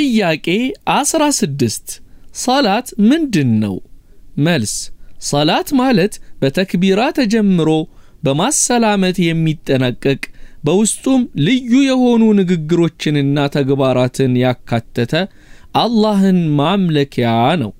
ጥያቄ 16 ሰላት ምንድን ነው? መልስ ሰላት ማለት በተክቢራ ተጀምሮ በማሰላመት የሚጠናቀቅ በውስጡም ልዩ የሆኑ ንግግሮችንና ተግባራትን ያካተተ አላህን ማምለኪያ ነው።